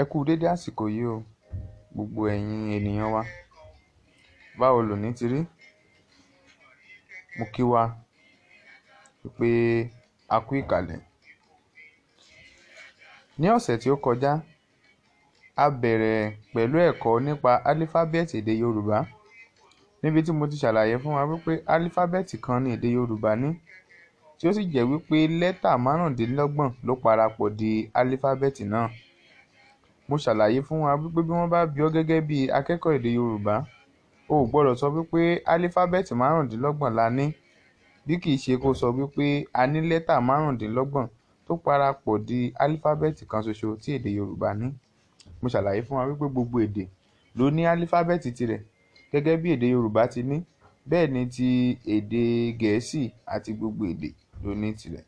Ẹ kú dédé àsìkò yìí o, gbogbo ẹ̀yin ènìyàn wa. Báwo lòní ti rí? Mo kí wa wípé a kú ìkàlẹ̀. Ní ọ̀sẹ̀ tí ó kọjá, a bẹ̀rẹ̀ pẹ̀lú ẹ̀kọ́ nípa alífábẹ́ẹ̀tì èdè Yorùbá. Níbi tí mo ti ṣàlàyé fún wa wípé alífábẹ́ẹ̀tì kan ni èdè Yorùbá ní, tí ó sì jẹ́ wípé lẹ́tà márùndínlọ́gbọ̀n ló parapọ̀ di alífábẹ́ẹ̀tì náà. Mo ṣàlàyé fún wa wípé bí wọ́n bá bí ọ gẹ́gẹ́ bí akẹ́kọ̀ọ́ èdè Yorùbá, o ò gbọdọ̀ sọ wípé álífábẹ́ẹ̀tì márùndínlọ́gbọ̀n la ní, bí kì í ṣe kó sọ wípé a ní lẹ́tà márùndínlọ́gbọ̀n tó parapọ̀ di álífábẹ́ẹ̀tì kan ṣoṣo tí èdè Yorùbá ní. Mo ṣàlàyé fún wa wípé gbogbo èdè ló ní álífábẹ́ẹ̀tì tirẹ̀ gẹ́gẹ́ bí èdè Yorùbá ti ní, bẹ́ẹ̀ ni ti èdè Gẹ̀ẹ́sì àti gbogbo èdè ló ní tirẹ̀.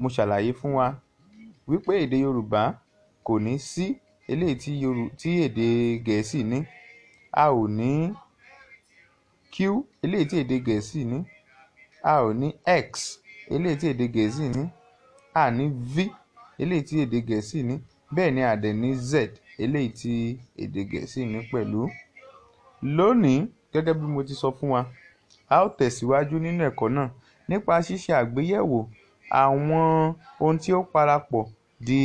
Mo ṣàlàyé fún wa wípé èdè Yorùbá kò ní sí eléyìí tí Yorù tí èdè Gẹ̀ẹ́sì ní. A ò ní Q eléyìí tí èdè Gẹ̀ẹ́sì ní. A ò ní X eléyìí tí èdè Gẹ̀ẹ́sì ní. A ní V eléyìí tí èdè Gẹ̀ẹ́sì ní. Bẹ́ẹ̀ ni a dẹ̀ ní Z eléyìí tí èdè Gẹ̀ẹ́sì ní pẹ̀lú. Lónìí gẹ́gẹ́ bí mo ti sọ fún wa, a ó tẹ̀síwájú nínú ẹ̀kọ́ náà nípa ṣíṣe àgbéyẹ̀wò àwọn ohun tí ó parapọ̀ di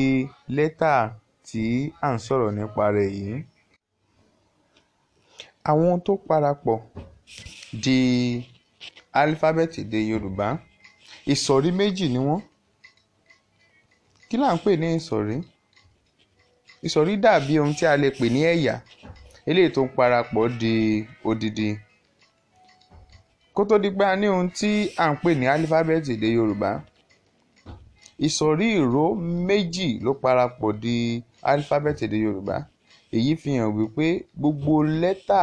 lẹ́tà tí à ń sọ̀rọ̀ nípa rẹ̀ yìí. Àwọn tó parapọ̀ di álífábẹ́ẹ̀tì èdè Yorùbá. Ìsọ̀rí méjì ni wọ́n. Kí là ń pè ní ìsọ̀rí? Ìsọ̀rí dàbí ohun tí a lè pè ní ẹ̀yà eléyìí tó parapọ̀ di odidi. Kó tó di pé a ní ohun tí à ń pè ní álífábẹ́ẹ̀tì èdè Yorùbá Ìsọ̀rí ìró méjì ló parapọ̀ di álífábẹ́ẹ̀tì èdè Yorùbá. Èyí fi hàn wípé gbogbo lẹ́tà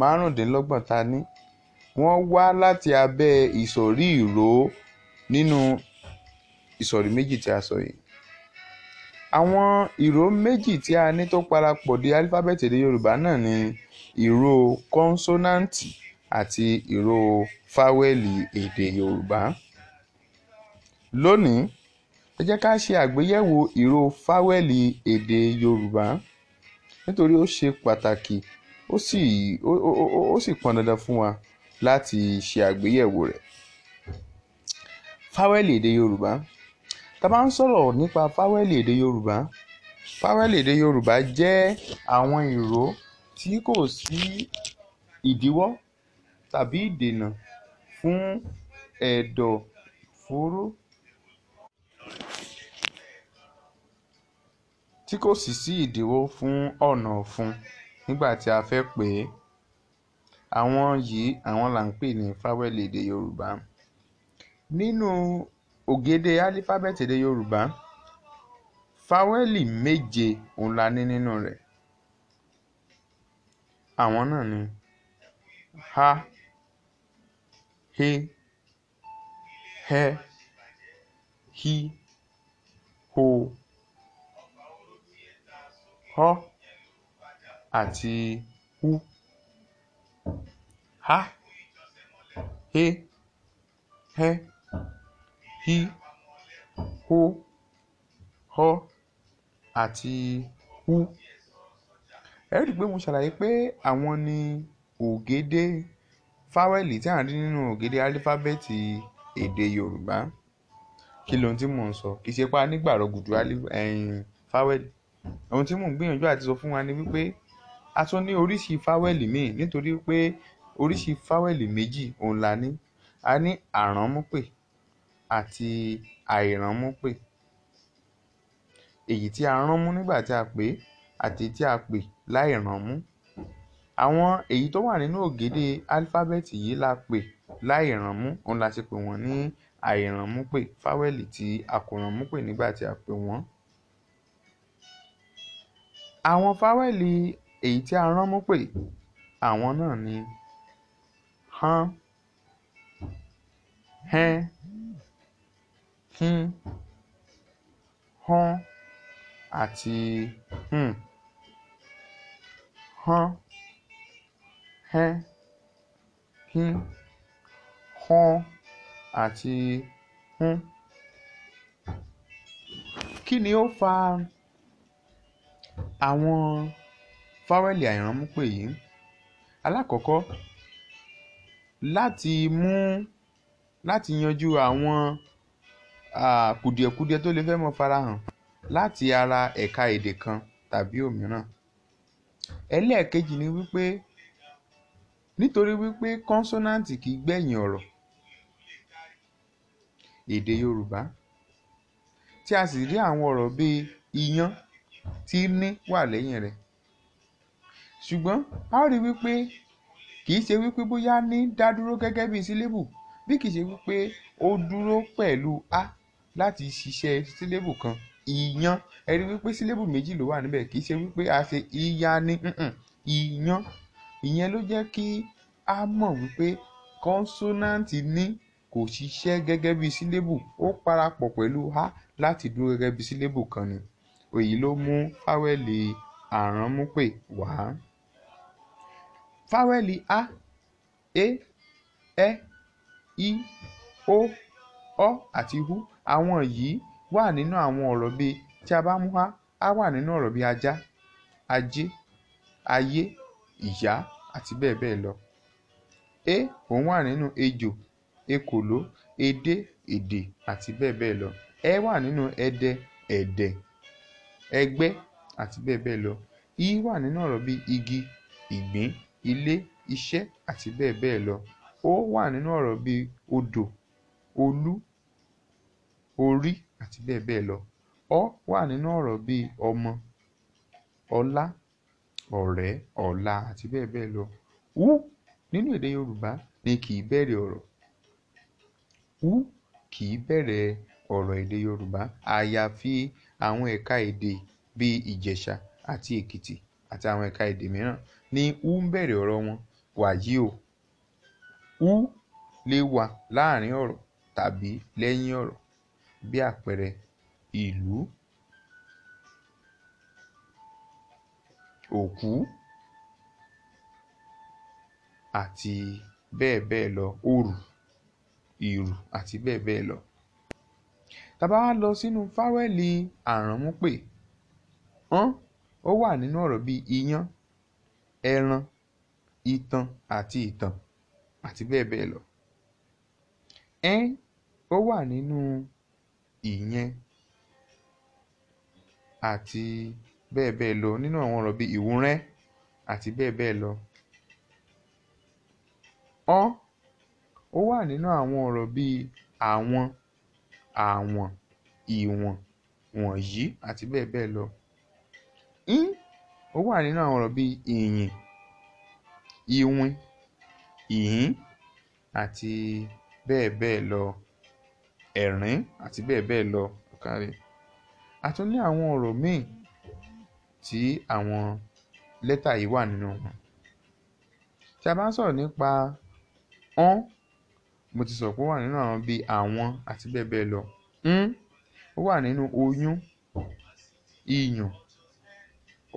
márùndínlọ́gbọ̀n ta ní wọ́n wá láti abẹ́ ìsọ̀rí ìró nínú ìsọ̀rí méjì tí a sọ yìí. Àwọn ìró méjì tí a ní tó parapọ̀ di álífábẹ́ẹ̀tì èdè Yorùbá náà ni ìró kọ́nsọ́náǹtì àti ìró fáwẹ́ẹ̀lì èdè Yorùbá. Lónìí, ẹ jẹ́ ká ṣe àgbéyẹ̀wò ìró fáwẹ́lì èdè yorùbá nítorí ó ṣe pàtàkì ó sì ó sì pọn dandan fún wa láti ṣe àgbéyẹ̀wò rẹ̀ fáwẹ́lì èdè yorùbá tá a bá ń sọ̀rọ̀ nípa fáwẹ́lì èdè yorùbá fáwẹ́lì èdè yorùbá jẹ́ àwọn ìró tí kò sí ìdíwọ́ tàbí ìdènà fún ẹ̀dọ̀ fóró tí kò sì sí ìdíwọ́ fún ọ̀nà ọ̀fun nígbà tí a fẹ́ pè é. Àwọn yìí àwọn là ń pè ní fáwẹ́lì èdè Yorùbá. Nínú ògèdè álífábẹ́ẹ̀tì èdè Yorùbá, fáwẹ́lì méje òun la ní nínú rẹ̀. Àwọn náà ni há, He. hẹ́, hí, ho họ́ àti hu. Há, hé, hẹ́, hí, hó, họ́ àti hú. Ẹ rí i pé mo ṣàlàyé pé àwọn ni ògédé fáwẹ́ẹ̀lì tí à ń rí nínú ògédé álífábẹ́ẹ̀tì èdè Yorùbá. Kí lohun tí mò ń sọ? Kì í ṣe pé a nígbàrọ̀ gùdù fáwẹ́ẹ̀lì. Ohun tí mò ń gbìyànjú àti sọ fún wa ni wípé a tún ní oríṣi fáwẹ́ẹ̀lì míì nítorí pé oríṣi fáwẹ́ẹ̀lì méjì òun la ní. A ní àránmúpè àti àìránmúpè. Èyí tí a rán mú nígbà tí a pè àti tí a pè láì rán Àwọn èyí tó wà nínú ògèdè alifábẹ́ẹ̀tì yìí la pè láì òun la ṣe pè wọ́n ní àìránmúpè. Fáwẹ́ẹ̀lì tí a kò rán mú pè nígbà tí a pè wọ́n. Àwọn fáwẹ́ẹ̀lì èyí tí a rán mú pè àwọn náà ni hán, hẹ́n, hín, họ́n àti hùn. hán, hẹ́n, hín, họ́n àti hún. Kí ni ó fa àwọn fáwẹ́lì àìrànmúpè yìí alákọ̀ọ́kọ́ láti mú láti yanjú àwọn kùdìẹ̀kudiẹ tó lè fẹ́ mọ́ farahàn láti ara ẹ̀ka èdè kan tàbí òmíràn ẹlẹ́ẹ̀kejì ni wípé nítorí wípé kọ́nsọ́náǹtì kìí gbẹ̀yìn ọ̀rọ̀ èdè Yorùbá tí a sì rí àwọn ọ̀rọ̀ bíi iyán tí ní wà lẹ́yìn rẹ̀ ṣùgbọ́n a ó rí wípé kì í ṣe wípé bóyá ní dá dúró gẹ́gẹ́ bí sílébù bí kì í ṣe wípé ó dúró pẹ̀lú a láti ṣiṣẹ́ sílébù kan ìyan ẹ rí wípé sílébù méjì ló wà níbẹ̀ kì í ṣe wípé a ṣe ìyani ìyan ìyẹn ló jẹ́ kí a mọ̀ wípé kọ́nsónáǹtì ní kò ṣiṣẹ́ gẹ́gẹ́ bí sílébù ó parapọ̀ pẹ̀lú a láti dúró gẹ́gẹ́ bí sílébù kan ni èyí ló mú fáwẹ́lì àránmúpè wá fáwẹ́lì a e ẹ́ e, i o ọ́ àti hú àwọn yìí wà nínú àwọn ọ̀rọ̀ bíi tí a bá mú a á wà nínú ọ̀rọ̀ bíi ajá ajé ayé ìyá àti bẹ́ẹ̀ bẹ́ẹ̀ lọ é e, òun wà nínú ejò ekòló edé èdè àti bẹ́ẹ̀ bẹ́ẹ̀ lọ ẹ e wà nínú ẹdẹ ẹ̀dẹ̀ ẹgbẹ́ àti bẹ́ẹ̀ bẹ́ẹ̀ lọ i wà nínú ọ̀rọ̀ bí igi ìgbín ilé iṣẹ́ àti bẹ́ẹ̀ bẹ́ẹ̀ lọ ó wà nínú ọ̀rọ̀ bí odò olú orí àti bẹ́ẹ̀ bẹ́ẹ̀ lọ ọ wà nínú ọ̀rọ̀ bí ọmọ ọlá ọ̀rẹ́ ọ̀la àti bẹ́ẹ̀ bẹ́ẹ̀ lọ ú nínú èdè Yorùbá ni kì í bẹ̀rẹ̀ ọ̀rọ̀ ú kì í bẹ̀rẹ̀ ọ̀rọ̀ èdè Yorùbá àyàfi àwọn ẹ̀ka-èdè bíi Ìjẹ̀ṣà àti Èkìtì àti àwọn ẹ̀ka-èdè mìíràn ni u ń bẹ̀rẹ̀ ọ̀rọ̀ wọn. Wàyí o! U lè wà láàárín ọ̀rọ̀ tàbí lẹ́yìn ọ̀rọ̀. Bí àpẹẹrẹ, ìlú, òkú, àti bẹ́ẹ̀ bẹ́ẹ̀ lọ, orù, ìrù àti bẹ́ẹ̀ bẹ́ẹ̀ lọ. Tàbá wá lọ sínú fáwẹ́lì àrànmúpè, hán ó wà nínú ọ̀rọ̀ bí iyán, ẹran, itan àti ìtàn àti bẹ́ẹ̀ bẹ́ẹ̀ lọ. Ẹn ó wà nínú ìyẹn àti bẹ́ẹ̀ bẹ́ẹ̀ lọ nínú àwọn ọ̀rọ̀ bí ìwúnrẹ́ àti bẹ́ẹ̀ bẹ́ẹ̀ lọ. ọ́n ó wà nínú àwọn ọ̀rọ̀ bí àwọn àwọ̀n, ìwọ̀n, wọ̀nyí àti bẹ́ẹ̀ bẹ́ẹ̀ lọ. Ín ó wà nínú àwọn ọ̀rọ̀ bí ìyìn, iwin, ìhín àti bẹ́ẹ̀ bẹ́ẹ̀ lọ, ẹ̀rín àti bẹ́ẹ̀ bẹ́ẹ̀ lọ. Ọ̀kàrí. A tún ní àwọn ọ̀rọ̀ míì tí àwọn lẹ́tà yìí wà nínú wọn. Tí a bá ń sọ̀rọ̀ nípa ọ́n mo ti sọ pé ó wà nínú àwọn bíi àwọn àti bẹ́ẹ̀ bẹ́ẹ̀ lọ. ń hmm? ó wà nínú oyún iyùn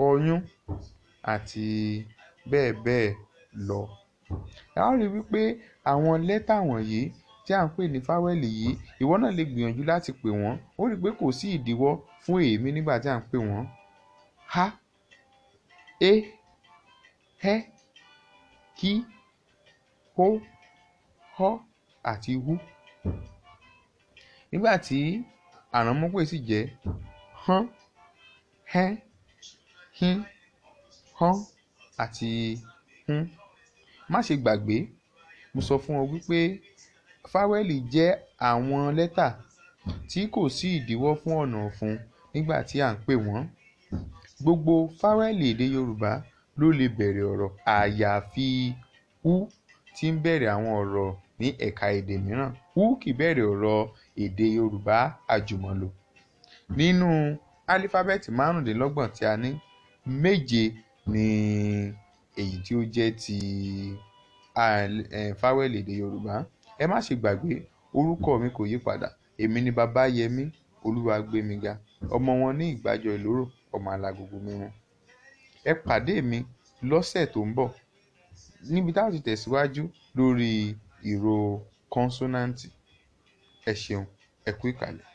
ọyún àti bẹ́ẹ̀ bẹ́ẹ̀ lọ. a ó rí i wípé àwọn lẹ́tà wọ̀nyí tí à ń pè ní fáwẹ́lì yìí ìwọ náà lè gbìyànjú láti pè wọ́n ó rí i pé kò sí ìdíwọ́ fún èémí nígbà tí à ń pè wọ́n. ha e hẹ́ kí Ho. họ́ àti hu nígbà tí àránmọ́pè sì jẹ́ hán hẹ́ hín hán àti hún má ṣe gbàgbé mo sọ fún ọ wípé fáwẹ́lì jẹ́ àwọn lẹ́tà tí kò sí ìdíwọ́ fún ọ̀nà ọ̀fun nígbà tí à ń pè wọ́n gbogbo fáwẹ́lì èdè yorùbá ló lè bẹ̀rẹ̀ ọ̀rọ̀ àyàfi hu tí ń bẹ̀rẹ̀ àwọn ọ̀rọ̀ ní ẹ̀ka èdè mìíràn Wúúkì bẹ̀rẹ̀ ọ̀rọ̀ èdè Yorùbá àjùmọ̀lò. Nínú álífábẹ́ẹ̀tì márùndínlọ́gbọ̀n tí a ní, méje ni èyí tí ó jẹ́ ti fáwẹ́lì èdè Yorùbá. Ẹ má ṣe gbàgbé orúkọ mi kò yípadà, èmi ni Babáyẹmí Olúwagbémiga, ọmọ wọn ní ìgbàjọ ìlóró, ọmọ alágógó mírun. Ẹ pàdé mi lọ́sẹ̀ tó ń bọ̀ níbi tá ti tẹ̀síwájú lórí ìró kọ́nsọ́náǹtì. Ẹ ṣeun, ẹ kú ìkàlẹ̀.